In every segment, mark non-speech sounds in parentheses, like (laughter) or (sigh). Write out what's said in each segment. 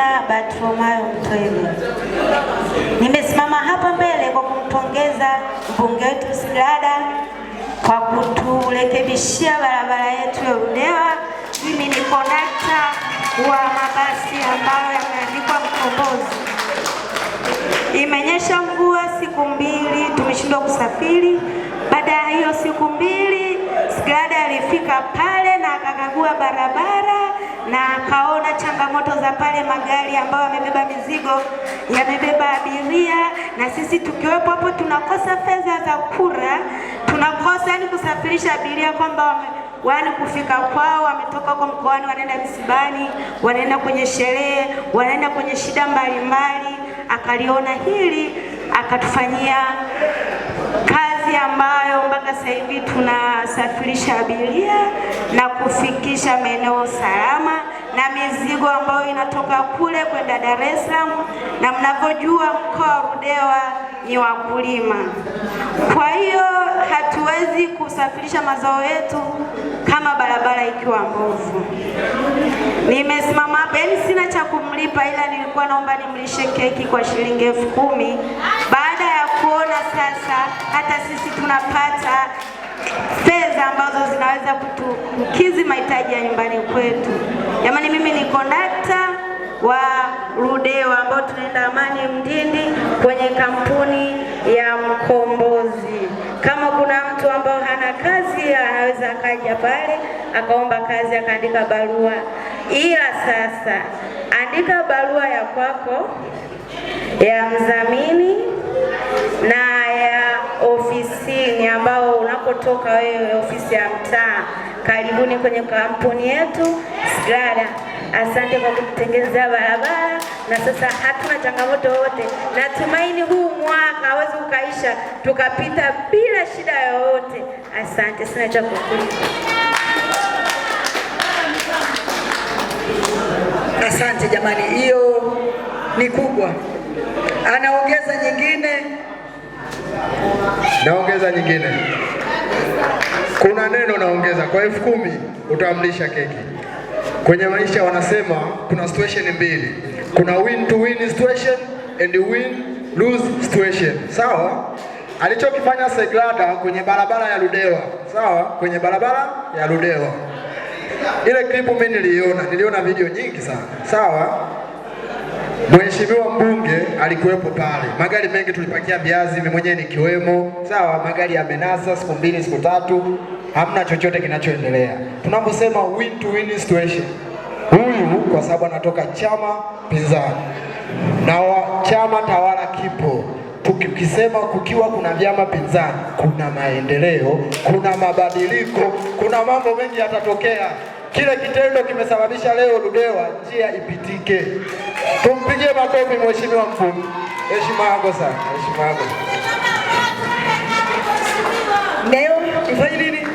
Jina Bartimayo Mtwele. Nimesimama hapa mbele kwa kumpongeza mbunge wetu Silada kwa kuturekebishia barabara yetu ya Ludewa. Mimi ni kondakta wa mabasi ambayo yameandikwa Mkombozi. Imenyesha mvua siku mbili, tumeshindwa kusafiri. Baada ya hiyo siku mbili, Silada alifika pale akakagua barabara na akaona changamoto za pale magari ambayo yamebeba mizigo yamebeba abiria, na sisi tukiwepo hapo tunakosa fedha za kura, tunakosa yani kusafirisha abiria kwamba wani kufika kwao, wametoka kwa mkoani, wanaenda msibani, wanaenda kwenye sherehe, wanaenda kwenye shida mbalimbali. Akaliona hili akatufanyia kazi kazi ambayo mpaka sasa hivi tunasafirisha abiria na kufikisha maeneo salama na mizigo ambayo inatoka kule kwenda Dar es Salaam, na mnavyojua mkoa wa Ludewa ni wakulima. Kwa hiyo hatuwezi kusafirisha mazao yetu kama barabara ikiwa mbovu. Nimesimama hapa, yani, sina cha kumlipa, ila nilikuwa naomba nimlishe keki kwa shilingi elfu kumi tunaona sasa hata sisi tunapata fedha ambazo zinaweza kutukizi mahitaji ya nyumbani kwetu. Jamani, mimi ni kondakta wa rudeo ambao tunaenda Amani Mdindi kwenye kampuni ya Mkombozi. Kama kuna mtu ambao hana kazi, anaweza akaja pale akaomba kazi, akaandika barua. Ila sasa andika barua ya kwako ya mdhamini ni ambao unapotoka wewe ofisi ya mtaa. Karibuni kwenye kampuni yetu SGRADA. Asante kwa kututengezea barabara, na sasa hatuna changamoto yoyote. Natumaini huu mwaka hawezi ukaisha tukapita bila shida yoyote. Asante, sina cha Asante jamani, hiyo ni kubwa. Anaongeza nyingine Naongeza nyingine, kuna neno naongeza kwa elfu kumi utamlisha keki. Kwenye maisha wanasema kuna situation mbili, kuna win to win situation and win lose situation, sawa. Alichokifanya Seglada kwenye barabara ya Ludewa, sawa, kwenye barabara ya Ludewa, ile clip mimi niliona, niliona video nyingi sana, sawa Mheshimiwa mbunge alikuwepo pale, magari mengi tulipakia viazi, mimi mwenyewe nikiwemo. Sawa, magari yamenasa siku mbili siku tatu, hamna chochote kinachoendelea. Tunaposema win to win situation, huyu kwa sababu anatoka chama pinzani na wa chama tawala kipo tukisema kukiwa kuna vyama pinzani kuna maendeleo, kuna mabadiliko, kuna mambo mengi yatatokea. Kile kitendo kimesababisha leo Ludewa njia ipitike. Tumpigie makofi mheshimiwa mkuu. Heshima yako sana. Heshima yako. Leo tufanye nini?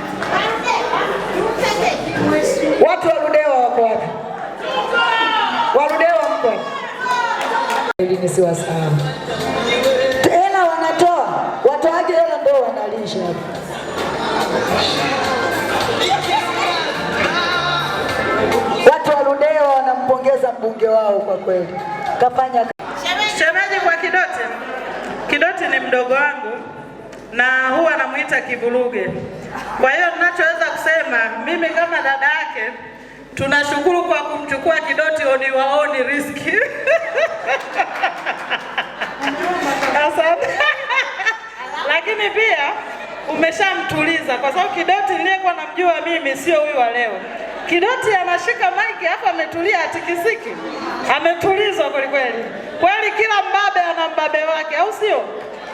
Watu wa Ludewa wako wapi? Wa Ludewa mko wapi? Hela wanatoa, watoaje hela ndio wanalisha. hapa wao kwa kweli kafanya. Shemeji kwa Kidoti, Kidoti ni mdogo wangu na huwa anamuita Kivuruge. Kwa hiyo ninachoweza kusema mimi kama dada yake, tunashukuru kwa kumchukua Kidoti oni waoni riski (laughs) lakini pia umeshamtuliza kwa sababu Kidoti niliyekuwa namjua mimi sio huyu wa leo. Kidoti anashika maiki hapa, ametulia atikisiki, ametulizwa kwelikweli kweli. Kila mbabe ana mbabe wake, au sio?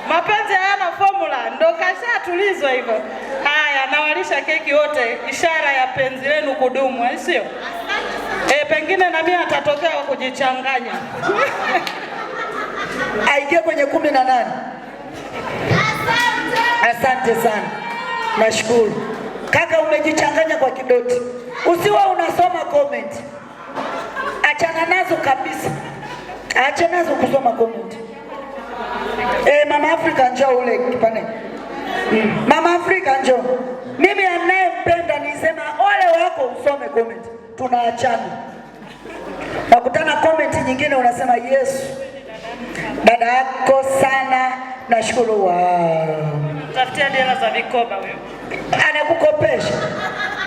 Mapenzi hayana formula, ndo kashatulizwa hivyo. Haya, nawalisha keki wote, ishara ya penzi lenu kudumu, au eh, sio? E, pengine na mimi atatokea wa kujichanganya (laughs) aingie kwenye kumi na nane. Asante sana, nashukuru. Kaka, umejichanganya kwa kidoti, usiwe unasoma comment. Achana nazo kabisa, acha nazo kusoma comment. E, mama Afrika njoo ule kipande. Mama Afrika njoo. Mimi anayempenda nisema ole wako usome comment. Tunaachana. Nakutana comment nyingine unasema Yesu. Dada yako sana nashukuru. Wow. Tafutia dela za vikoba wewe kukopesha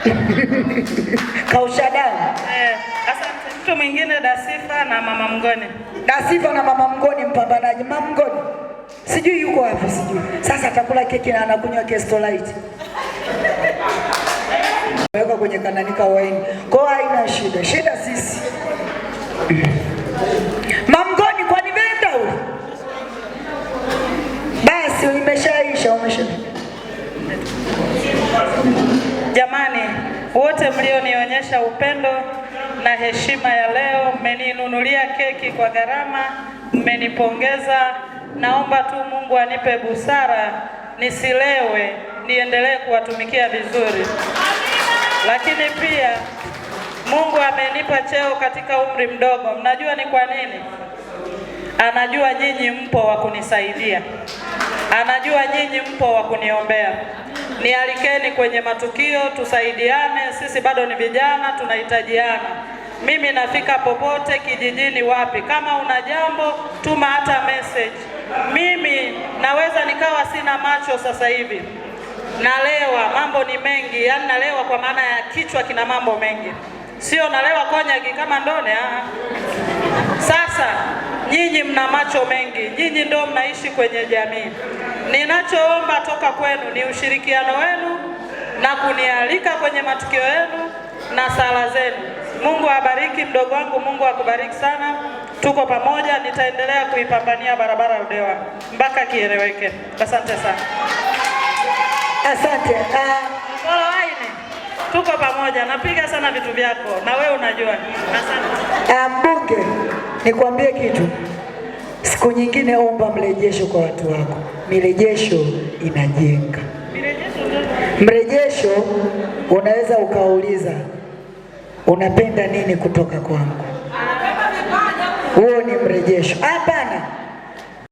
(laughs) kausha damu eh. Asante. Mtu mwingine Dasifa na mama Mgoni, Dasifa na mama Mngoni, mpambanaji mama Mgoni, sijui yuko wapi, sijui sasa atakula keki na anakunywa Kestolite weka kwenye kananika waini kwa haina shida. Shida sisi wote mlionionyesha upendo na heshima ya leo. Mmeninunulia keki kwa gharama, mmenipongeza. Naomba tu Mungu anipe busara nisilewe, niendelee kuwatumikia vizuri. Lakini pia Mungu amenipa cheo katika umri mdogo. Mnajua ni kwa nini? Anajua nyinyi mpo wa kunisaidia, anajua nyinyi mpo wa kuniombea nialikeni kwenye matukio, tusaidiane. Sisi bado ni vijana, tunahitajiana. Mimi nafika popote kijijini, wapi. Kama una jambo, tuma hata message. Mimi naweza nikawa sina macho sasa hivi, nalewa, mambo ni mengi, yaani nalewa kwa maana ya kichwa kina mambo mengi, sio nalewa konyagi kama ndone aha. Sasa nyinyi mna macho mengi, nyinyi ndio mnaishi kwenye jamii. Ninachoomba toka kwenu ni ushirikiano wenu na kunialika kwenye matukio yenu na sala zenu. Mungu awabariki mdogo wangu, Mungu akubariki sana. Tuko pamoja, nitaendelea kuipambania barabara Ludewa mpaka kieleweke. Asante sana, asante ah. Aine, tuko pamoja. Napiga sana vitu vyako na wewe unajua. Asante ah, mbunge, nikwambie kitu Siku nyingine omba mrejesho kwa watu wako. Mirejesho inajenga. Mrejesho unaweza ukauliza unapenda nini kutoka kwangu? Huo ni mrejesho. Hapana.